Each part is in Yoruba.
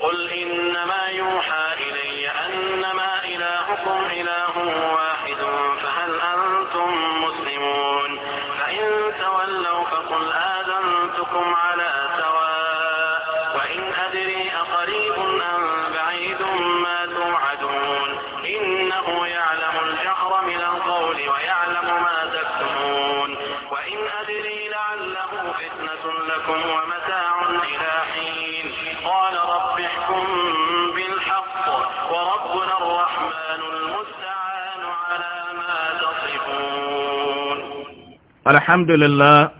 قل إنما يوحى إلي أنما إلهكم إله واحد الحمد لله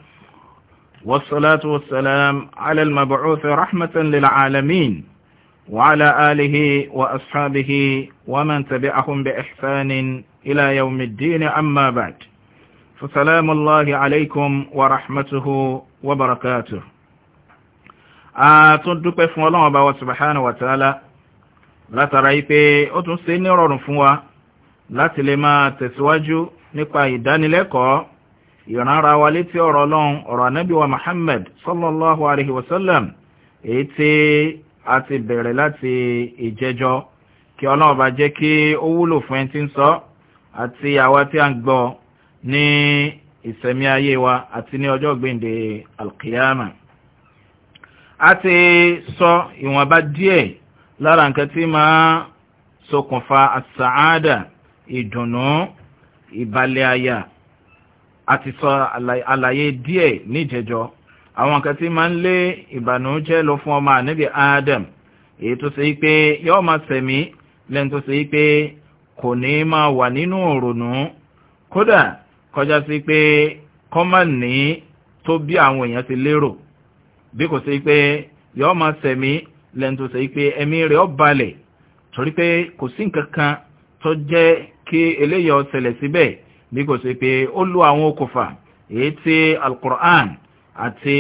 والصلاة والسلام على المبعوث رحمة للعالمين وعلى آله وأصحابه ومن تبعهم بإحسان إلى يوم الدين أما بعد فسلام الله عليكم ورحمته وبركاته àtúndúpẹ́ fún ọlọ́run ọba wa subhanahu wa ta'ala látara ipe ó tún ṣe nírọ̀rùn fún wa láti lè máa tẹ̀síwájú ìrànra wa létí ọ̀rọ̀ ọlọ́run ọ̀rọ̀ anábì wa Muhammad sallallahu alayhi wa sallam èyí tí a ti bẹ̀rẹ̀ láti ìjẹjọ́ kí ọlọ́run bá jẹ́ kí ó wúlò fún ẹni tí ń sọ àti àwa tí a ń gbọ́ ní ìsẹ̀mí ayé wa àti ní ọjọ́ gbèǹde alkiyama a ti sọ ìwọ̀nba díẹ̀ lára nǹkan tí máa ṣokùnfà àsàádà ìdùnnú ìbalẹ̀ àyà a ti sọ àlàyé díẹ̀ níjẹjọ àwọn nǹkan tí máa ń lé ìbànújẹ́ lọ fún ọmọ ànábì Adam èyí tó ṣe pé yóò máa sẹ̀mí lẹ́yìn tó ṣe pé kò ní máa wà nínú òrònú kódà kọjá sí pé kọ́mà ní tó bí àwọn èèyàn ti lérò bí kò ṣe pé yóò máa sẹ̀mí lẹ́yìn tó ṣe pé ẹ̀mí rẹ̀ ó balẹ̀ torí pé kò sí nǹkan kan tó jẹ́ kí eléyọ̀ ṣẹlẹ̀ síbẹ̀ bí kò sí pé ó lu àwọn okùnfà èyí tí alkur'an àti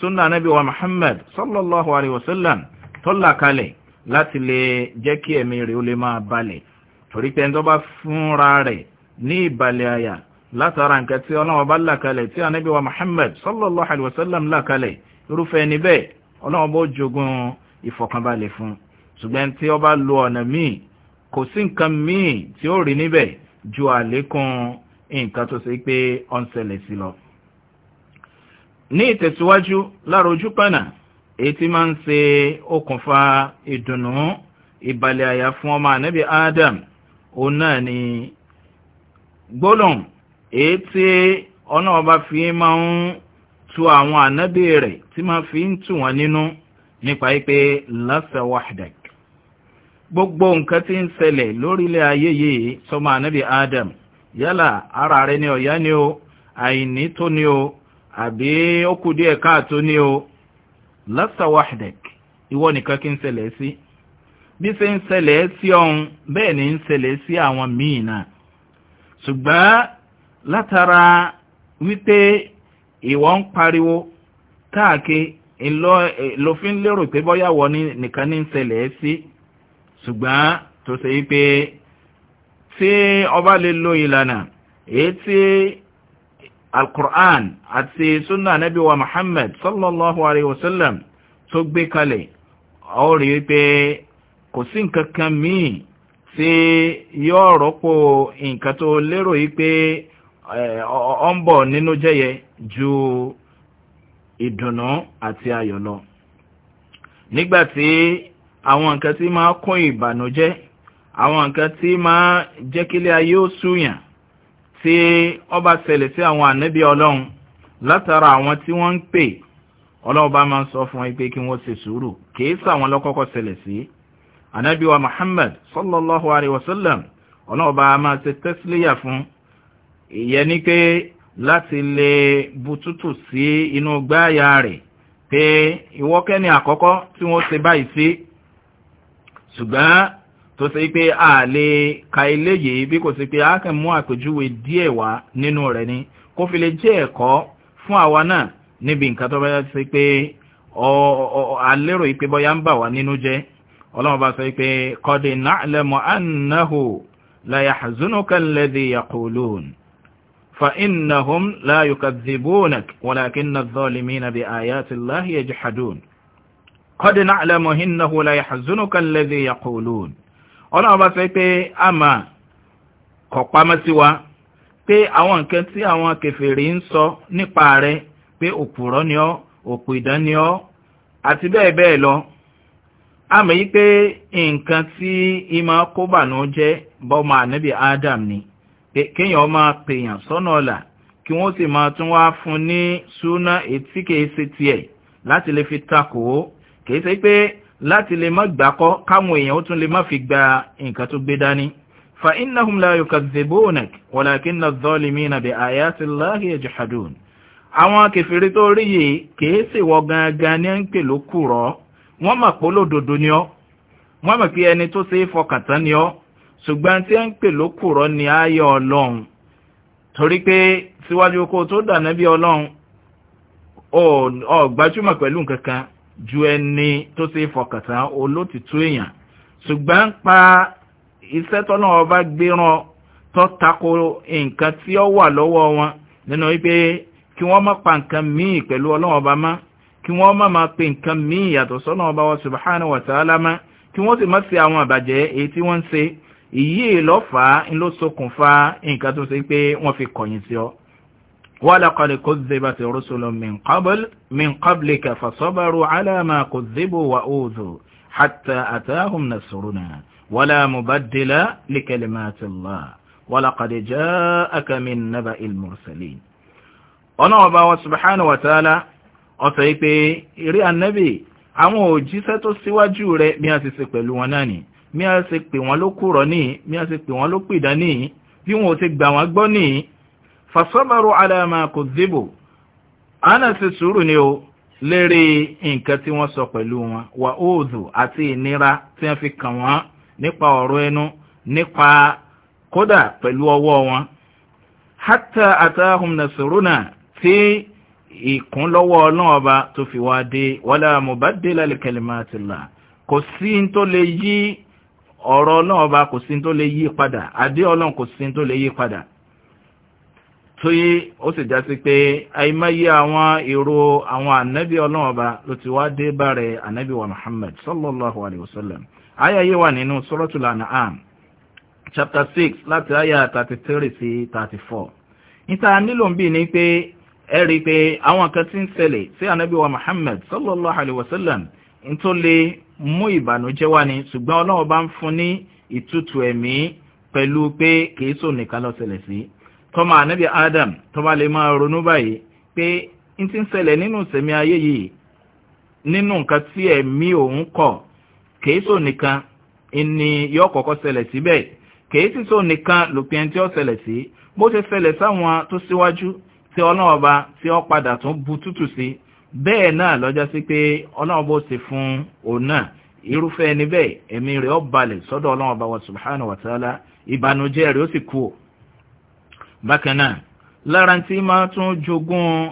sunnah nabi wa muhammad sallallahu alayhi wa sallam tọ́lá kalẹ̀ láti lè jẹ́ kí ẹ̀mí rẹ̀ ó lè máa balẹ̀ torí pé ẹni bá fúnra rẹ̀ ní ìbalẹ̀ àyà látara nǹkan tí ọlọ́wọ́ bá làkalẹ̀ tí anábí wa muhammad sallallahu alaihi wasallam làkalẹ̀ irúfẹ́ ẹni bẹ́ẹ̀ ọlọ́wọ́ bó jogun ìfọ̀kànbalẹ̀ fún ṣùgbọ́n tí ó bá lo ọ̀nà míì kò sí nǹkan míì tí ó rí níbẹ̀ ju àlékún nǹkan tó ṣe pé ó ń ṣẹlẹ̀ sí lọ ní ìtẹ̀síwájú lárojú pẹ̀nà èyí tí máa ń ṣe okùnfà ìdùnnú ìbàlẹ̀ àyà fún ọmọ ànábì Adam òun náà ni gbólóhùn èyí ọ̀nà ọba fi máa ń tu àwọn ànábì rẹ̀ tí máa fi ń tù wọ́n nínú nípa pé lasa wahdak gbogbo nǹkan tí ń ṣẹlẹ̀ lórílẹ̀ ayé yìí sọmọ ànábì Adam yálà ara rẹ ni ọ̀yá ni o àìní tó ni o àbí ó kù díẹ̀ káàtó ni o lasta wahdek ìwọ nìkan kí ń ṣẹlẹ̀ sí bí ṣe ń ṣẹlẹ̀ sí ọ̀hún bẹ́ẹ̀ ni ń ṣẹlẹ̀ sí àwọn míì náà ṣùgbọ́n látara wípé ìwọ ń pariwo káàkiri ìlòfin pé bọ́yá nìkan ní ń ṣẹlẹ̀ sí ṣùgbọ́n tó ṣe wípé tí ọba lè lo ìlànà èyí tí alkur'an àti sunna nabi wa muhammad sallallahu alaihi wasallam tó gbé kalẹ̀ ó rí wípé kò sí nǹkan kan míì tí yóò rọ́pò nǹkan tó lérò wípé ọ ń bọ̀ nínú jẹ́yẹ ju ìdùnnú àti ayọ̀ lọ nígbàtí àwọn nǹkan tí máa kún ìbànújẹ́ àwọn nǹkan tí máa jẹ́ kílé ayé ó súyàn tí ó bá ṣẹlẹ̀ sí àwọn ànábì ọlọ́run látara àwọn tí wọ́n ń pè ọlọ́run bá máa ń sọ fún wọn pé kí wọ́n ṣe sùúrù kìí sàwọn lọ́kọ́kọ́ ṣẹlẹ̀ sí ànábì wa Muhammad sallallahu alayhi wa sallam ọlọ́run bá máa ṣe tẹ́sílẹ̀yà fún ìyẹn ni pé láti lè bututu sí inú gbáàyà rẹ̀ pé ìwọ́kẹ́ni àkọ́kọ́ tí wọ́n ṣe báyìí sí ṣùgbọ́n tó ṣe pé a lè ka eléyìí bí kò sí pé a kàn mú àpèjúwe díẹ̀ wá nínú rẹ̀ ni kó fi lè jẹ́ ẹ̀kọ́ fún àwa náà níbi nǹkan tó bá yá sí pé alérò ìpé bọ́yá ń bà wá nínú jẹ́ ọlọ́run bá sọ pé qad na'lamu annahu la yahzunuka alladhi yaqulun fa innahum la yukadhibunak walakinna adh-dhalimina bi ayati llahi yajhadun qad na'lamu innahu la yahzunuka alladhi yaqulun ọlọ́run bá fẹ́ pé a máa kọ̀ pamọ́ sí wa pé àwọn nǹkan tí àwọn kèfèrí ń sọ nípa rẹ pé òpùrọ́ ni ọ́ òpù ìdán ni ọ́ àti bẹ́ẹ̀ bẹ́ẹ̀ lọ a mọ̀ yí pé nǹkan tí ìmọ̀ kóbànú jẹ́ bọ́mọ ànábì Adam ni kéèyàn máa pèèyàn sọ́nà ọ̀la kí wọ́n sì máa tún wá fún ní súná etí kìí ṣe tiẹ̀ láti lè fi takò ó kìí ṣe pé láti lè má gbàkọ́ káwọn èèyàn ó tún lè má fi gba nǹkan tó gbé dání fa innahum la yukadhibunak walakinna adh-dhalimina bi ayati llahi yajhadun àwọn kèfèrí tó rí yìí kìí sì wọ gangan ní ń pè ló kùrọ̀ wọ́n mà pé olódodo ni ọ́ wọ́n mà pé ẹni tó ṣe é fọkàn tán ni ọ́ ṣùgbọ́n tí ń pè ló kùrọ̀ ni ayé ọlọ́run torí pé síwájú kó tó dànà bí ọlọ́run ọ̀ pẹ̀lú nǹkan kan ju ẹni tó ṣe fọkàntán olótìtú èèyàn ṣùgbọ́n pa iṣẹ́ tọ́nà ọba gbéran tó tako nǹkan tí ó wà lọ́wọ́ wọn nínú wípé kí wọ́n má pa nǹkan míì pẹ̀lú ọlọ́run ọba má kí wọ́n má máa pe nǹkan míì yàtọ̀ sọ́nà ọba wa subhanahu wa ta'ala má kí wọ́n sì má ṣe àwọn àbàjẹ́ èyí tí wọ́n ń ṣe èyí ló fà nǹkan tó ṣe pé wọ́n fi kọ̀yìn sí ọ ولقد كذبت رسل من قبل من قبلك فصبروا على ما كذبوا وأوذوا حتى أتاهم نصرنا ولا مبدل لكلمات الله ولقد جاءك من نبأ المرسلين ونعبا سبحانه وتعالى أطيب إري النبي أمو جيسة سوى جورة مياسي سكبل وناني مياسي سكبل ولو مياسي سكبل ولو قيداني بيمو سكبل fasabaru ala ma kudhibu ana sì sùúrù ni o lérí nǹkan tí wọ́n sọ pẹ̀lú wọn wà óòdù àti ìnira tí wọ́n fi kàn wọ́n nípa ọ̀rọ̀ ẹnu nípa kódà pẹ̀lú ọwọ́ wọn hatta atahum nasruna tí ìkún lọ́wọ́ ọlọ́run ọba tó fi wá dé wala mubaddila li kalimatillah kò sí tó lè yí ọ̀rọ̀ ọlọ́run kò sí tó lè yí padà àdé ọlọ́run kò sí tó lè yí padà tóyé ó sì já sí pé àìmáyé àwọn èrò àwọn ànábì ọlọ́run ọba ló ti wá dé bàrẹ̀ ànábì wa muhammad sallallahu alayhi wa sallam àyà yìí wà nínú suratul an'am chapter six láti àyà thirty three sí thirty four níta nílò ń bì ní pé ẹ rí i pé àwọn kan ti ń ṣẹlẹ̀ sí ànábì wa muhammad sallallahu alayhi wa tọ́mà ànábì adam tọ́bà lè máa ronú báyìí pé in ti ń ṣẹlẹ̀ nínú sẹ̀mí ayé yìí nínú nǹkan tí ẹ̀mí òun kọ̀ kèésò nìkan ni yóò kọ́kọ́ ṣẹlẹ̀ síbẹ̀ kèésì tó nìkan lòpin tí ó ṣẹlẹ̀ sí bó ṣe ṣẹlẹ̀ sáwọn tó síwájú tí ọlọ́ọ̀ba tí ó padà tún bu tútù sí bẹ́ẹ̀ náà lọ́jọ́ sí pé ọlọ́ọ̀bọ̀ ti fún òun náà irúfẹ́ ẹni bẹ́ẹ̀ ẹ̀mí rẹ̀ ó balẹ̀ sọ́dọ̀ ọlọ́ọ̀ba wa subhanahu wa ta'ala ìbànújẹ́ rẹ̀ ó sì kú o bákan náà lára tí máa tún jogún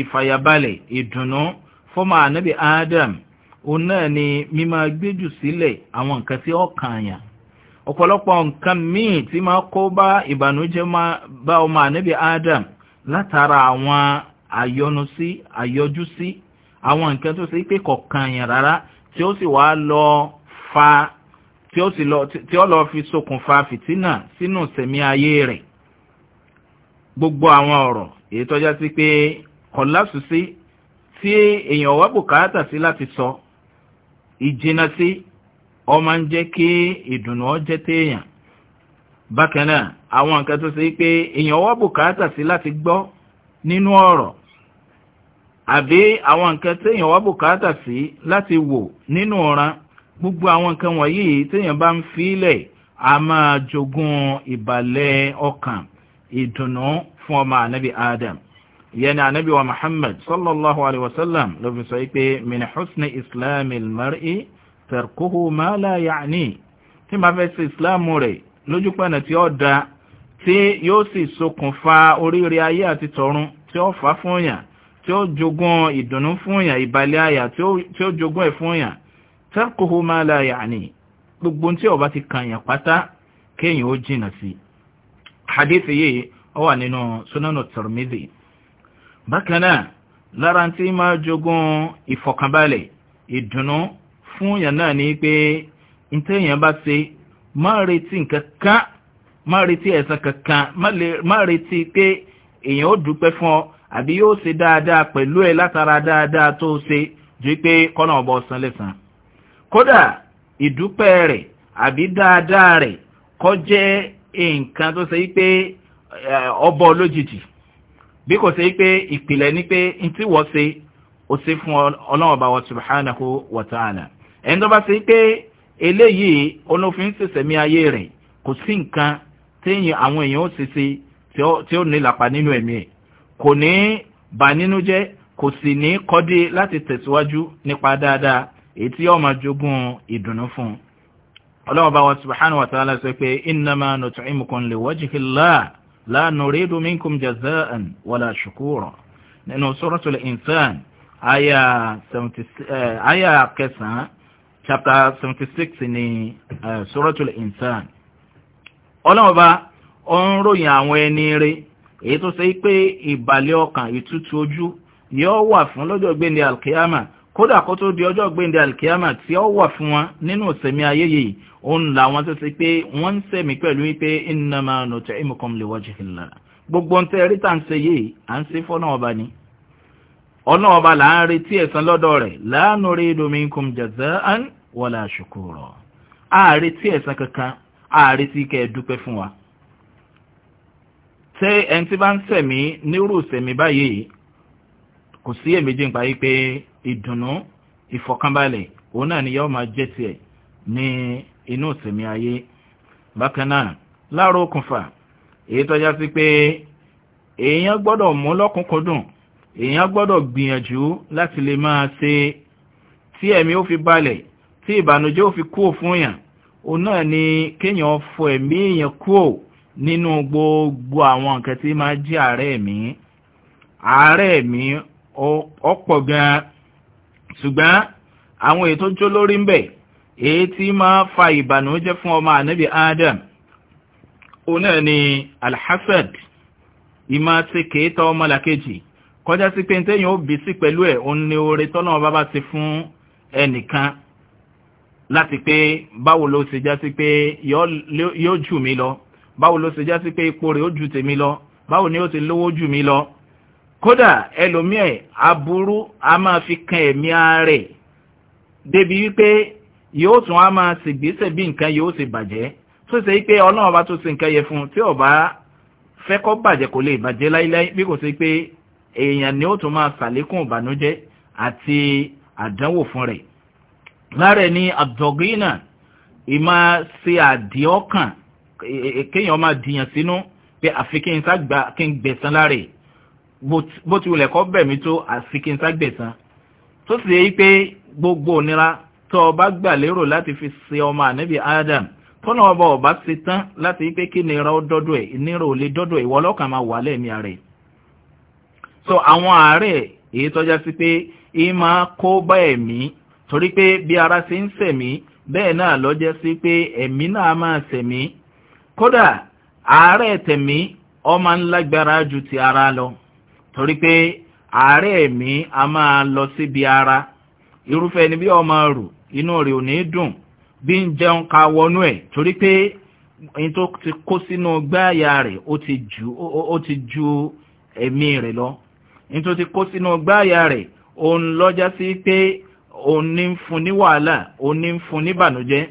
ìfàyàbalẹ̀ ìdùnnú fọ́mà ànábì adam òun náà ni mímá gbéjù sílẹ̀ àwọn nǹkan tí ó kààyàn ọ̀pọ̀lọpọ̀ nǹkan míì tí máa kó bá ìbànújẹ́ bá ọmọ ànábì adam látara àwọn àyọnusí àyọjúsí àwọn nǹkan tó ṣe pé kọ̀kààyàn rárá tí ó sì wá lọ fa tí ó lọ fi ṣokùnfà fìtínà sínú sẹ̀mí ayé rẹ̀ gbogbo àwọn ọ̀rọ̀ èyí tọ́já sí pé kọ̀láṣù sí tí èèyàn wá bùkátà sí láti sọ ìjìnà sí ó máa ń jẹ́ kí ìdùnnú ó jẹ́ téèyàn bákan náà àwọn nǹkan tó ṣe pé èèyàn wá bùkátà sí láti gbọ́ nínú ọ̀rọ̀ àbí àwọn nǹkan téèyàn wá bùkátà sí láti wò nínú ọ̀ràn gbogbo àwọn nǹkan wọ̀nyí téèyàn bá ń fi lẹ̀ a máa jogún ìbàlẹ̀ ọkàn ìdùnnú fún ọmọ ànábì adam yẹn ànábì wa muhammad sallallahu alaihi wasallam ló fi sọ pé min husni islamil mar'i tarkuhu ma la ya'ni tí ma fẹ́ sí islamu rẹ̀ lójú pẹ̀nà tí ó da tí yóò sì ṣokùnfà oríire ayé àti tọ̀run tí ó fà fún yàn tí ó jogún ìdùnnú fún yàn ìbalẹ̀ àyà tí ó jogún ẹ̀ fún yàn tarkuhu ma la ya'ni gbogbo tí ó bá ti kàn yàn pátá kéèyàn ó jìnà sí i hadith yìí ó wà nínú sunanu Tirmidhi bákan náà lára tí máa jogún ìfọ̀kànbalẹ̀ ìdùnnú fún yàn náà ni pé ntẹ́yìn bá ṣe má retí nǹkan kan má retí ẹ̀san kankan má retí pé èèyàn ó dúpẹ́ fún ọ àbí yóò ṣe dáadáa pẹ̀lú ẹ látara dáadáa tó ju pé kọ́nà ọba ọ̀sán lẹ́sàn kódà ìdúpẹ́ rẹ̀ àbí dáadáa rẹ̀ kó nǹkan tó ṣe pé ọbọ̀ lójijì bí kò ṣe pé ìpìlẹ̀ ní pé n tí wọ́n ṣe ó ṣe fún ọlọ́wọ̀n bá wa subhanahu wa ta'ala ẹni tó bá ṣe pé eléyìí olófin ṣẹ̀ṣẹ̀mí ayé rẹ̀ kò sí nǹkan téèyàn àwọn èèyàn ó ṣe ṣe tí ó ní lápá nínú ẹ̀mí ẹ̀ kò ní bà nínú jẹ́ kò sì ní kọ́dé láti tẹ̀síwájú nípa dáadáa èyí tí yóò máa jogún ìdùnnú fún un ọlọ́ọ̀bá wa subhanahu wa ta'ala sọ pé innama nut'imukum liwajhi Allah la nuridu minkum jaza'an wala shukura nínú suratul insan aya eh, kẹsàn-án chapter 76 ní eh, suratul insan ọlọ́ọ̀bá ó ń ròyìn àwọn ẹni rẹ̀ èyí tó ṣe pé ìbàlẹ̀ ọkàn ìtútù ojú yóò wà fún lọ́jọ́ gbẹ̀ndẹ̀ alkiyama kódà kó tó di ọjọ́ gbẹ̀ndẹ̀ alkiyama tí ó wà fún wọn nínú ìsẹ̀mí ayé yìí òun làwọn tó ti pé wọ́n ń sẹ̀mí pẹ̀lú wípé innama nut'imukum liwajhillah gbogbo ń tẹ́ rí tà ń ṣe yìí à ń ṣe fọ́nà ọba ni ọ̀nà ọba là ń retí ẹ̀san lọ́dọ̀ rẹ̀ la nuridu minkum jaza'an wala shukura a retí ẹ̀san kankan a retí kẹ́ ẹ dúpẹ́ fún wa tẹ́ ẹni tí bá ń sẹ̀mí nírú ìsẹ̀mí báyìí kò sí èméjì ń parí pé ìdùnnú ìfọ̀kànbalẹ̀ òun náà ni yóò máa jẹ́ tiẹ̀ ní inú ìsẹ̀mí ayé bákan náà láàárọ̀ okùnfà èyí tọ́já sí pé èèyàn gbọ́dọ̀ mú lọ́kùnkúndùn èèyàn gbọ́dọ̀ gbìyànjú láti lè máa ṣe tí ẹ̀mí ó fi balẹ̀ tí ìbànújẹ́ ó fi kúò fún yàn òun náà ni kéèyàn fọ ẹ̀mí èèyàn kúò nínú gbogbo àwọn nǹkan tí máa jẹ́ àárẹ̀ ẹ̀mí àárẹ̀ ẹ̀mí ọ̀pọ̀ gan ṣùgbọ́n àwọn ètò jó lórí ń bẹ̀ èyí tí máa fa ìbànújẹ́ fún ọmọ ànábì adam òun náà ni alhassad ìmá ti kèétọ ọmọlàkejì kọjá sí pé tẹ́yìn ó bí sí pẹ̀lú ẹ̀ òun ni oore tọ́nà bá bá ti fún ẹnìkan láti pé báwo ló ṣe já sí pé yóò jù mí lọ báwo ló ṣe já sí pé ipò rẹ̀ ó jù tèmi lọ báwo ni ó ti lówó jù mí lọ kódà ẹlòmíẹ̀ aburú a máa fi kan ẹ̀mí ààrẹ̀ débi wípé yóò tún a máa sìgbésẹ̀ bí nǹkan yóò sì bàjẹ́ tó ṣe pé ọlọ́run bá tó ṣe nǹkan yẹ fún tí ọba fẹ́ kó bàjẹ́ kò lè bàjẹ́ láíláí bí kò ṣe pé èèyàn ni ó tún máa ṣàlékún ìbànújẹ́ àti àdánwò fún rẹ̀ láàrẹ̀ ni àdọ̀gínà ìmá ṣe àdíọ́kàn kéèyàn máa dìyàn sínú pé àfi kí n sá gbà kí n gbẹ̀san láàrẹ̀ bó ti wulẹ̀ kọ́ bẹ̀ mí tó àfikínságbẹ̀sán tó sì yẹ pé gbogbo ònira tó o bá gbà lérò láti fi ṣe ọmọ ànábì Adam tọ́nà ọba ọba ti tán láti pé kí nira ó dọ́dọ̀ ẹ̀ nira ò lè dọ́dọ̀ ìwọ ọlọ́kàn máa wà lẹ́ẹ̀mí ara so àwọn àárẹ̀ èyí tọ́já sí pé ì máa kó bá ẹ̀mí torí pé bí ara ṣe ń sẹ̀mí bẹ́ẹ̀ náà lọ́jẹ́ sí pé ẹ̀mí náà máa sẹ̀mí kódà àárẹ̀ tẹ̀mí ó máa ń ju ti ara lọ torí pé àárẹ̀ ẹ̀mí a máa lọ síbi ara irúfẹ́ ni bí ọmọ rù inú rẹ̀ ò ní dùn bí ń jẹun ka wọnú ẹ̀ torí pé ẹni tó ti kó sínú gbáàyà rẹ̀ ó ti ju ẹ̀mí rẹ̀ lọ ẹni tó ti kó sínú gbáàyà rẹ̀ òun lọ́jà sí pé òun ní fún ní wàhálà òun ní fún ní bànújẹ́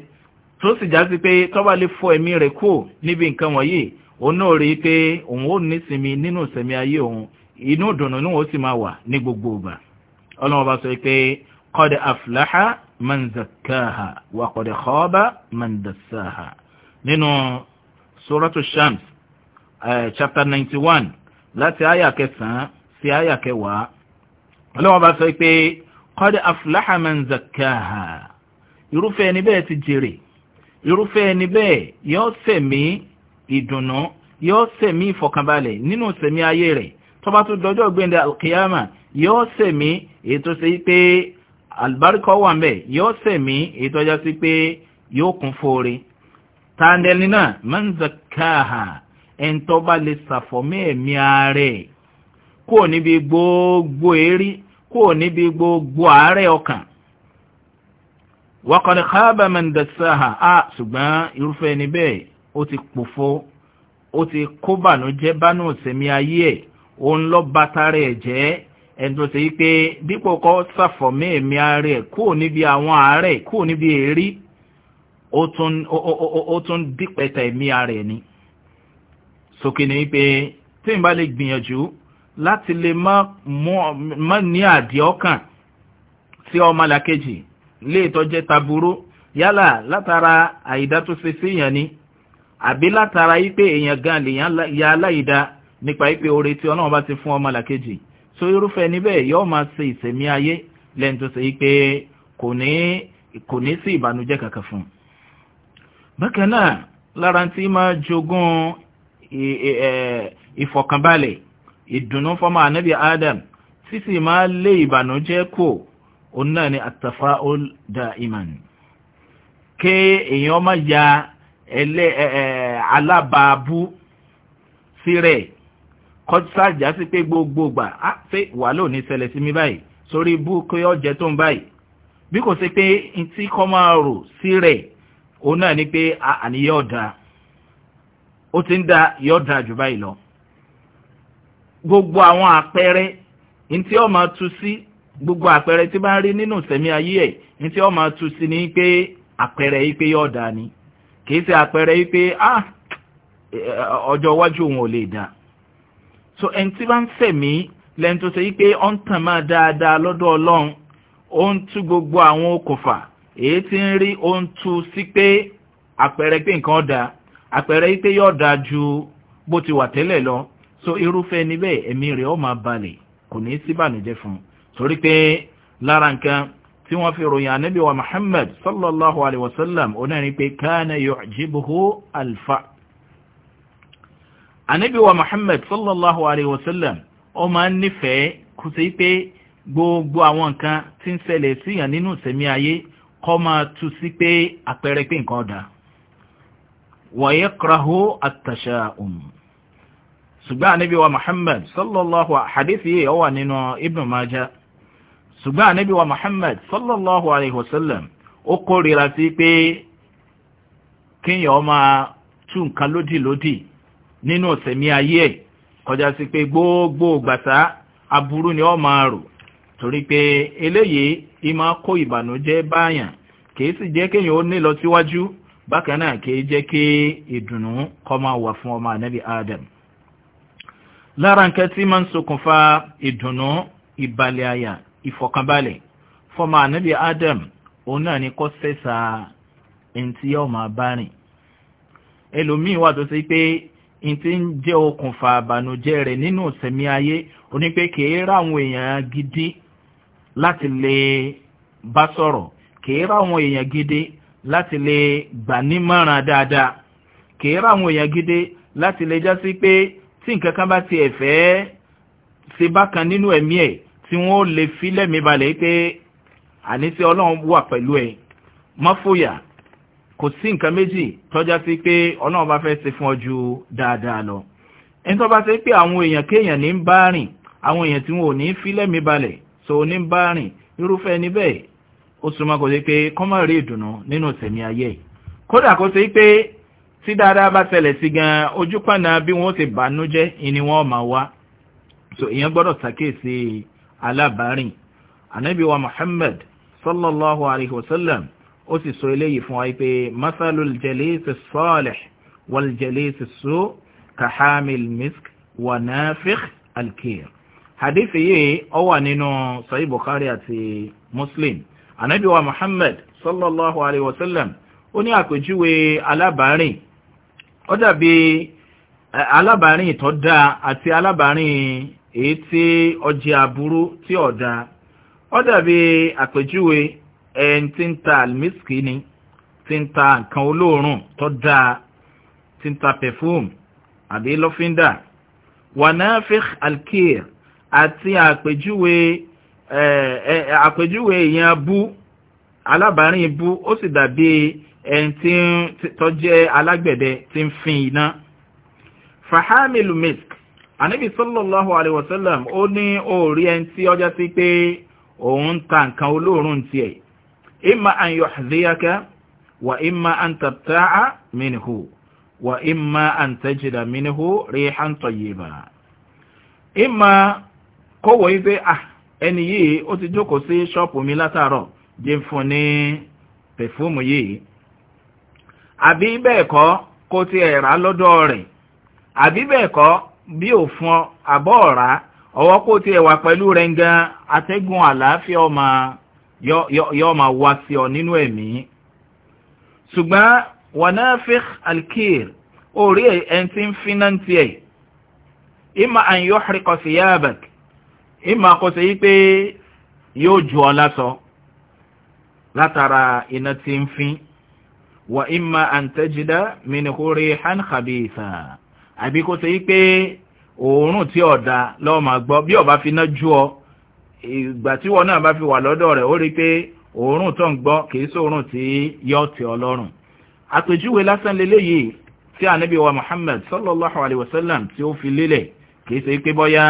tó sì já sí pé tọ́ba lè fọ ẹ̀mí rẹ̀ kúrò níbi nǹkan wọ̀nyí òun náà rí i pé òun ò nísinmi nínú ìsẹ̀mí ayé òun inú dùnú ní wọ́n sì máa wà ní gbogbo ọba ọlọ́wọ́ bá sọ pé qad aflaha man zakkaha wa qad khaba nínú suratu shams chapter 91 láti àyà kẹsàn-án sí àyà kẹwàá ọlọ́wọ́ bá sọ pé qad aflaha man zakkaha irúfẹ́ ẹni bẹ́ẹ̀ ti jèrè irúfẹ́ ẹni bẹ́ẹ̀ yóò sẹ̀mí ìdùnnú yóò sẹ̀mí ìfọ̀kànbalẹ̀ nínú sẹ̀mí ayé rẹ̀ tó bá tún dọjọ́ gbẹ̀ndẹ̀ alkiyama yóò sẹ̀mí ètò sí pé albarikọ́ wà ń bẹ̀ yóò sẹ̀mí ètò ọjọ́ sí pé yóò kún fóore tàndẹ̀lì náà man zakaha ẹn tó bá lè sàfọ̀mẹ́ ẹ̀mí ààrẹ kò níbi gbogbo èrí kò níbi gbogbo ààrẹ ọkàn waqad khaba man a ṣùgbọ́n irúfẹ́ ni bẹ́ẹ̀ ó ti pòfo ó ti kóbànújẹ́ bánú ìsẹ̀mí ayé ẹ̀ òun lọ bàtàrà ẹ̀ jẹ́ ẹni tó ṣe yí pé dípò kọ́ ṣàfọ̀mí ẹ̀mí ara ẹ̀ kúrò níbi àwọn àárẹ̀ kúrò níbi èrí ó tún dípẹ̀tà ẹ̀mí ara ni sókè ní pé tí n bá lè gbìyànjú láti lè má ní àdí ọkàn sí ọmọlàkejì lè tọ́jẹ́ taburú yálà látara àìdá tó ṣe sí èèyàn ni àbí látara yí pé èèyàn gan lèèyàn ya aláìdá nípa ipe oore tí ọlọ́run bá ti fún ọmọ làkejì so irúfẹ́ níbẹ̀ yóò máa ṣe ìsẹ̀mí ayé lẹ́nu tó ṣe pé kò ní kò ní sí ìbànújẹ́ kankan fún un bákan náà lára tí máa jogún ìfọ̀kànbalẹ̀ ìdùnnú fọ́mọ ànábì adam sísì máa lé ìbànújẹ́ kò òun náà ni at-tafa'ul da'iman kí èèyàn máa ya alábàábú sí rẹ̀ kọ́tísà jà sí pé gbogbo gbà á fẹ́ wà lónìí ṣẹlẹ̀ sí mi báyìí sórí ibú kí ó jẹ tó ń báyìí bí kò sí pé tí kọ́ máa rò sí rẹ̀ òun náà ni pé àníyàn ọ̀dà ó ti ń da yọ̀ọ̀dà jù báyìí lọ gbogbo àwọn àpẹẹrẹ ntí ọ máa tu sí gbogbo àpẹẹrẹ tí bá ń rí nínú sẹ̀mí ayé ẹ̀ ntí ọ máa tu sí ni pé àpẹẹrẹ yìí pé yọ̀ọ̀dà ni kì í ṣe àpẹẹrẹ yìí pé ah, ọjọ́ iwájú òun ò lè dáa so ẹni tí bá ń fẹ̀mí lẹ́ni tó ṣe yí pé ó ń tàn máa dáadáa lọ́dọ̀ ọlọ́run ó ń tú gbogbo àwọn okùnfà èyí tí ń rí ó ń tú sí pé àpẹẹrẹ pé nǹkan ọ̀dà àpẹẹrẹ yí pé yóò dáa ju bó ti wà tẹ́lẹ̀ lọ so irúfẹ́ níbẹ̀ ẹ̀mí rẹ̀ ó máa balẹ̀ kò ní í síbànújẹ́ fún un torí pé lára nǹkan tí wọ́n fi ròyìn ànábì wa sallallahu alayhi wa sallam onárin pé kana yu'jibuhu alfa ànábì wa Muhammad sallallahu alaihi wasallam sallam ó máa ń nífẹ̀ẹ́ kó sí pé gbogbo àwọn nǹkan tí ń ṣẹlẹ̀ síyàn nínú ìsẹ̀mí ayé kọ́ máa tú sí pé àpẹẹrẹ pé nǹkan ọ̀dà wa yakrahu at-tasha'um ṣùgbọ́n ànábì wa Muhammad sallallahu hadith yìí ó wà nínú Ibn Majah ṣùgbọ́n ànábì wa Muhammad sallallahu alaihi wa sallam ó kórìíra sí pé kíyàn máa tú nǹkan lódì lódì nínú ọ̀sẹ̀mí ayé ẹ̀ kọjá sí pé gbogbo gbàtà aburú ni ọ máa rò torí pé eléyìí ìmá kó ìbànújẹ́ báyàn kìí sì jẹ́ kéèyàn ó ní síwájú bákan náà kìí jẹ́ kí ìdùnnú kó máa wà fún ọmọ ànábì Adam lára nǹkan tí máa ń ṣokùnfà ìdùnnú ìbalẹ̀ àyà ìfọ̀kànbalẹ̀ fọmọ ànábì Adam òun náà ni kó sẹ́sà ẹni tí yóò máa bá rìn ẹlòmíì wà tó ṣe pé ìtí ń jẹ́ okùnfà àbànújẹ́ rẹ̀ nínú ìsẹ̀mí ayé onípé kìí ráwọn èèyàn gidi láti lè bá sọ̀rọ̀ kìí ráwọn èèyàn gidi láti lè gbà nímọ̀ràn dáadáa kìí ráwọn èèyàn gidi láti lè jásí pé tí nǹkan kan bá ti ẹ̀fẹ́ ṣe bákan nínú ẹ̀mí ẹ̀ tí wọ́n lè fi lẹ́mìí balẹ̀ pé àníṣe ọlọ́run wà pẹ̀lú ẹ̀ mọ́fòyà kò sí nǹkan méjì tọ́já sí pé ọlọ́run bá fẹ́ ṣe fún ọ ju dáadáa lọ ẹni tó bá ṣe pé àwọn èèyàn kéèyàn ní ń bá rìn àwọn èèyàn tí wọn ní fi lẹ́mí balẹ̀ so ní ń bá rìn irúfẹ́ ẹni bẹ́ẹ̀ ó súnmọ́ kò sí pé kọ́ má rí ìdùnnú nínú ìsẹ̀mí ayé yìí kódà kò sí pé tí dáadáa bá ṣẹlẹ̀ sí gan ojú pàna bí wọ́n ti bànújẹ́ ni wọ́n máa wá so èèyàn gbọ́dọ̀ ṣàkíyèsí alábàárìn ànábì wa Muhammad sallallahu alayhi wa sallam ó sì sọ eléyìí fún wa pé masalul jalisi salih wal jalisi su kahamil misk wa nafikh alkir hadith yìí ó wà nínú sahih bukhari àti muslim anabi wa muhammad sallallahu alaihi wasallam ó ní àpèjúwe alábàárìn ó dàbí alábàárìn tó dáa àti alábàárìn èyí tí ó aburú tí ó ó dàbí àpèjúwe ẹni tí ń ta àlùmísìkì ni tí ń ta nǹkan olóòórùn tó dáa tí ń ta pẹ̀fúm àbí lọ́fíńdà wanafikh alkir àti àpèjúwe àpèjúwe èèyàn bú alábàárín bú ó sì dàbí ẹni tí tó jẹ́ alágbẹ̀dẹ tí ń fin iná fahamilu misk anabi sallallahu alayhi wa sallam ó ní òórí ẹni tí ọjọ́ sí pé òun ń ta nǹkan olóòórùn tiẹ̀ imma an yuhdhiyaka wa imma an tabta'a minhu wa imma an tajida minhu rihan tayyiba imma ko wo ibe ah ẹni yìí ó ti jókòó sí shop mi látàárọ̀ jẹ́ fún ní perfume yìí àbí bẹ́ẹ̀ kọ́ kó ti era lọ́dọ̀ rẹ̀ àbí bẹ́ẹ̀ kọ́ bí ó fún abọ́ ọ̀rá ọwọ́ kó ti ẹ̀wà pẹ̀lú rẹ̀ gan atẹ́gùn àlàáfíà ọmọ yọ́ máa wá sí ọ nínú ẹ̀mí ṣùgbọ́n wanafikh alkir orí ẹni tí ń finá ti ẹ̀ ima an yuhriqa thiyabak ima kò sí pé yóò ju ọ lásọ látara iná tí ń fin wa ima an tajida minhu rihan khabitha àbí kò sí pé òórùn tí ọ̀dà lọ́ọ́ máa gbọ́ bí ọba finá ju ọ ìgbà tí wọn náà bá fi wà lọ́dọ̀ rẹ̀ ó rí pé òórùn tó ń gbọ́ kìí sóòórùn tí yóò tẹ́ ọ lọ́rùn àpèjúwe lásán leléyìí tí ànábì wa Muhammad sallallahu alayhi wa sallam tí ó fi lélẹ̀ kìí ṣe pé bọ́yá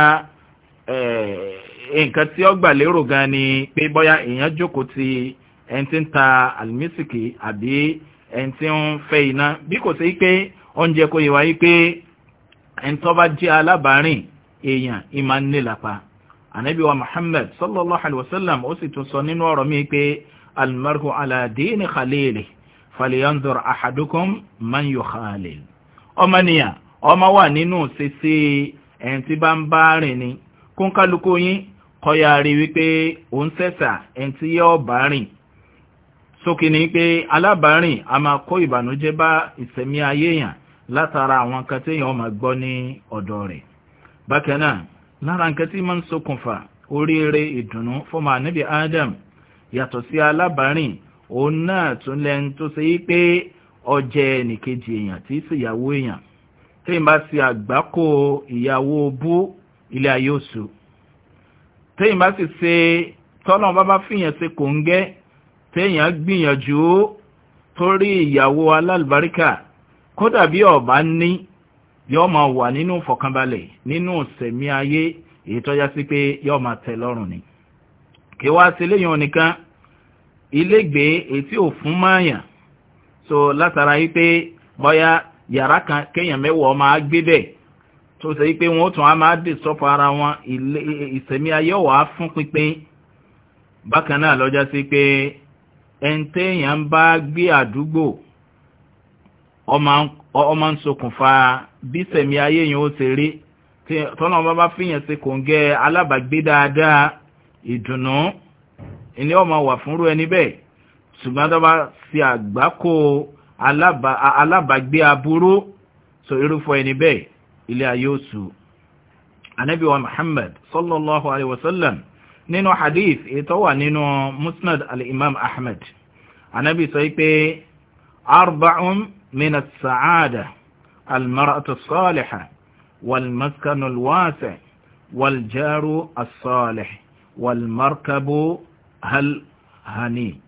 nǹkan tí ó gbà lérò gan ni pé bọ́yá èèyàn jókòó ti ẹni tí ń ta àlùmísìkì àbí ẹni tí ń fẹ́ iná bí kò sí pé oúnjẹ kò yẹ wáyé pé ẹni tó bá jẹ́ alábàárìn èèyàn ìmá nílapa ànábì wa muhammad sallallahu alaihi wasallam ó sì tún sọ nínú ọ̀rọ̀ mi pé almarhu ala dini khalili falyanzur ahadukum man yukhalil ọmọnìyàn ọmọ wà nínú ṣíṣe ẹni tí bá ń bá rìn ni kúńkálukú yín kọyà rí wípé òun sẹ́sà ẹni tí yóò bá rìn sókè ní pé alábàárìn a máa kó ìbànújẹ́ bá ìsẹ̀mí ayé látara àwọn kan téèyàn máa gbọ́ ní ọ̀dọ̀ rẹ̀ bákan náà lára nǹkan tí máa ń ṣokùnfà oríire ìdùnnú fọmọ ànábì Adam yàtọ̀ sí alábàárìn òun náà tún lẹ́nu tó ṣe yí pé ọjẹ́ ẹnìkejì èèyàn tí ṣèyàwó èèyàn tí n bá ṣe àgbákò ìyàwó bú ilé ayé oṣù tí n bá sì ṣe tọ́lọ̀ bá bá fìyàn ṣe kò ń gẹ́ téèyàn gbìyànjú torí ìyàwó alálùbáríkà kódà bí ọ̀bá ní yóò máa wà nínú fọ̀kànbalẹ̀ nínú sẹ̀mí ayé èyí tó yá sí pé yóò máa tẹ́ lọ́rùn ni kí wá sí léyìn onìkan ilégbèé èyí tí ò fún máyàn so látara yí pé bóyá yàrá kan kéèyàn mẹ́wọ̀ọ́ máa gbé bẹ́ẹ̀ tó ṣe yí pé wọ́n tún á máa dè sọ́pọ̀ ara wọn ìsẹ̀mí ayé wà á fún pínpín bákan náà lọ́jà sí pé ẹni téèyàn bá gbé àdúgbò ọmọ ń ṣokùnfà bí sẹ̀mí ayé yẹn ó ti rí tọ́nà ọba bá fìyàn sí kòǹgẹ́ alábàgbé dáadáa ìdùnnú ilé ọmọ wà fúnrú ẹni bẹ́ẹ̀ ṣùgbọ́n tó bá fi àgbákò alábàgbé aburú so irúfọ́ ẹni bẹ́ẹ̀ ilé ayé òsù anabi wa muhammad sallallahu alaihi wasallam nínú hadith ètò wà nínú musnad al-imam ahmed anabi sọ pé arba'un من السعادة المرأة الصالحة والمسكن الواسع والجار الصالح والمركب هل هني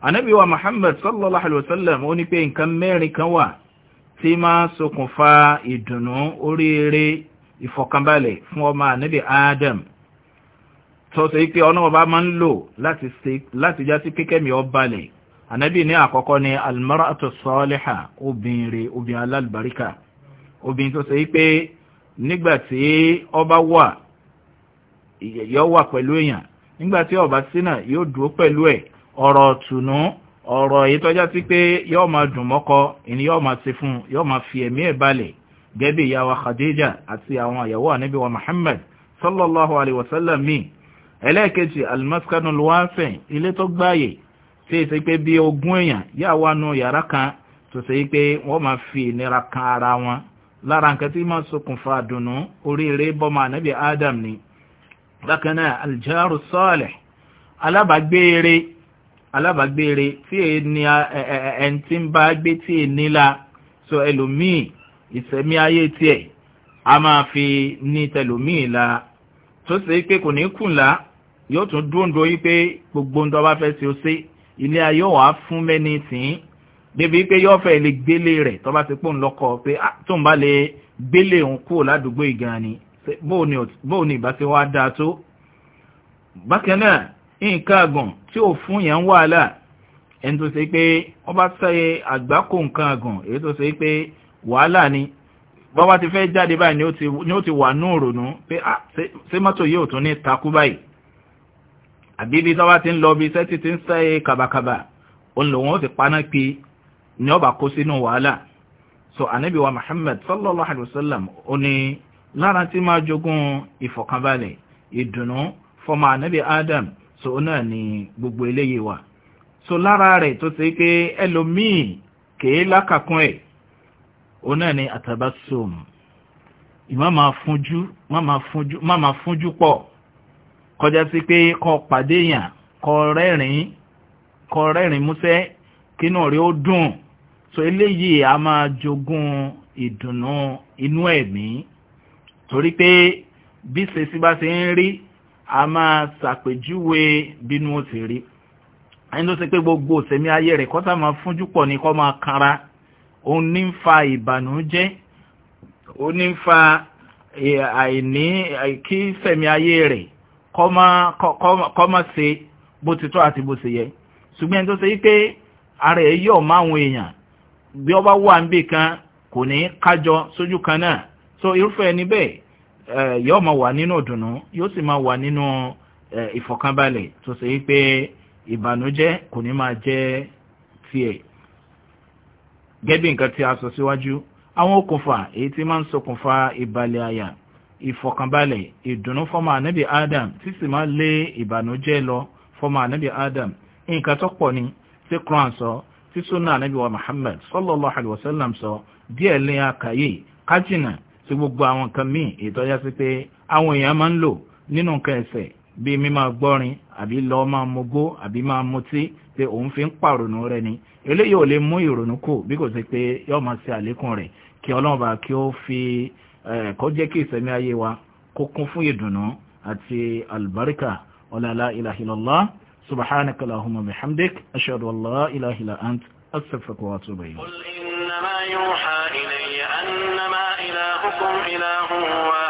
Ànábì wa Muhammad sallallahu alaihi wasallam ó ní pé nǹkan mẹ́rin kan wà tí máa ṣokùnfà ìdùnnú oríire ìfọ̀kànbalẹ̀ fún ọmọ Ànábì Adam tó ṣe pé ọ̀nà ọba máa ń lò láti já sí kékẹ́mì ọbalẹ̀ ànábì ní àkọ́kọ́ ni almaratu sọ́ọ́lẹ́hà obìnrin obìnrin alálùbáríkà obìnrin tó ṣe pé nígbàtí ọba wà yọ wà pẹ̀lú èèyàn nígbàtí ọba sínà yóò dúró pẹ̀lú ẹ̀ ọ̀rọ̀ tùnú ọ̀rọ̀ èyí tọ́já sí pé yọ́ máa dùn mọ́kọ ìní yọ́ máa ṣe fún yọ́ máa fi ẹ̀mí ẹ̀ balẹ̀ gẹ́bí ìyàwó Khadija àti àwọn àyàwó ànábì wa Muhammad sallallahu alaihi wasallam mi ẹlẹ́ẹ̀kejì almaskanul wafin ilé tó gbáyè tí èsì pé bí ogún èèyàn yà wà nù yàrá kan tó ṣe pé wọ́n máa fi ìnira kan ara wọn lára nǹkan tí máa ṣokùnfà dùnú oríire bọ́mọ ànábì Adam ni bákan náà aljaru salih alábàgbére alábàgbére tí ẹni ẹni tí ń bá gbé tí ì nílá so ẹlòmíì ìsẹ̀mí ayé tiẹ̀ a máa fi ní tẹlòmíì la tó ṣe pé kò ní kùnlá yóò tún dúndú yí pé gbogbo ń dọ́ bá fẹ́ ṣe ó ṣe ilé ayé wà fún mẹ́ni tì í débi pé yóò fẹ́ lè gbélé rẹ̀ tó bá ti pò ń lọ́kọ̀ pé ah, tó ń bá lè gbélé òun kúrò ládùúgbò ìgan ni bóò ni ìbá ti wá dáa tó bákan náà nǹkan àgùn tí ò fún yẹn ń wàhálà ẹni tó ṣe pé wọ́n bá sáyé àgbákò nǹkan àgùn èyí tó ṣe pé wàhálà ni bọ́bá ti fẹ́ jáde báyìí ni ó ti wà ní òrònú pé ah, ṣé mọ́tò yóò tún ní takú báyìí àbí ibi tó bá ti ń lọ bí iṣẹ́ títí ń sẹ́ e kàbàkàbà òun ti paná pé ní ọba kó sínú wàhálà so ànábì wa Muhammad sallallahu alaihi wasallam sallam ó ní lára tí máa jogún ìfọ̀kànbalẹ̀ ìdùnnú fọmọ ànábì Adam so ó náà ní gbogbo eléyìí wà so lára rẹ̀ tó ṣe pé ẹlòmíì kèé lákàkún ẹ̀ ó náà ní atabassum ìmá máa fúnjú máa fúnjú pọ̀ kọjá sí pé kọ pàdé èèyàn kọ rẹ́rìn kọ rẹ́rìn músẹ́ kínú rẹ̀ ó dùn so eléyìí a máa jogún ìdùnnú inú ẹ̀mí torí pé bí ṣèṣì bá ṣe ń rí a máa ṣàpèjúwe bínú ó ti rí ẹni tó ṣe pé gbogbo òsèmí ayé rẹ̀ kọ́tà máa fúnjú pọ̀ ní kọ́ máa kanra òun ní ń fa ìbànújẹ́ òun ní ń fa àìní kí sẹ̀mí ayé rẹ̀ kọ́mọ́ se bó ti tọ́ àti bó ṣe yẹ ṣùgbọ́n tó ṣe wípé ara ẹ̀ yọ̀ máwọn ọba wà kan kò ní kájọ sójú kan náà so irúfẹ́ ẹni bẹ́ẹ̀ yóò máa wà nínú ìdùnnú yóò sì máa wà nínú ìfọ̀kànbalẹ̀ tó ṣe wípé ìbànújẹ́ kò ní máa jẹ́ tiẹ̀ gẹ́bí nǹkan tí a sọ síwájú àwọn okùnfà èyí tí máa ń ìfọ̀kànbalẹ̀ ìdùnnú fọ́mọ ànábì adam tí sì máa lé ìbànújẹ́ lọ fọ́mọ ànábì adam nǹkan tó pọ̀ ni tí Quran sọ tí sunna ànábì wa Muhammad sallallahu alayhi wa sallam sọ díẹ̀ lé àkàyè kájìnà sí gbogbo àwọn nǹkan míì ìtọ́já sí pé àwọn èèyàn máa ń lò nínú nǹkan ẹ̀ṣẹ̀ bí mímá gbọ́rin àbí lọ máa mogbó àbí máa mutí pé òun fi ń pàrònú rẹ ni eléyìí ò lè mú ìrònú kù bí kò sí pé yóò máa ṣe àlékún rẹ̀ kí ọlọ́run bá kí ó fi Eh, kó jẹ́ kí ìsẹ̀mí ayé wa kó kún fún ìdùnnú àti albarka ọlọ́lá ilàhílọ́lá subhanaka lahumma bihamdik ashhadu an la ilaha illa ant astaghfiruka wa atubu ilayk qul innama ilayya annama ilahukum ilahun wahid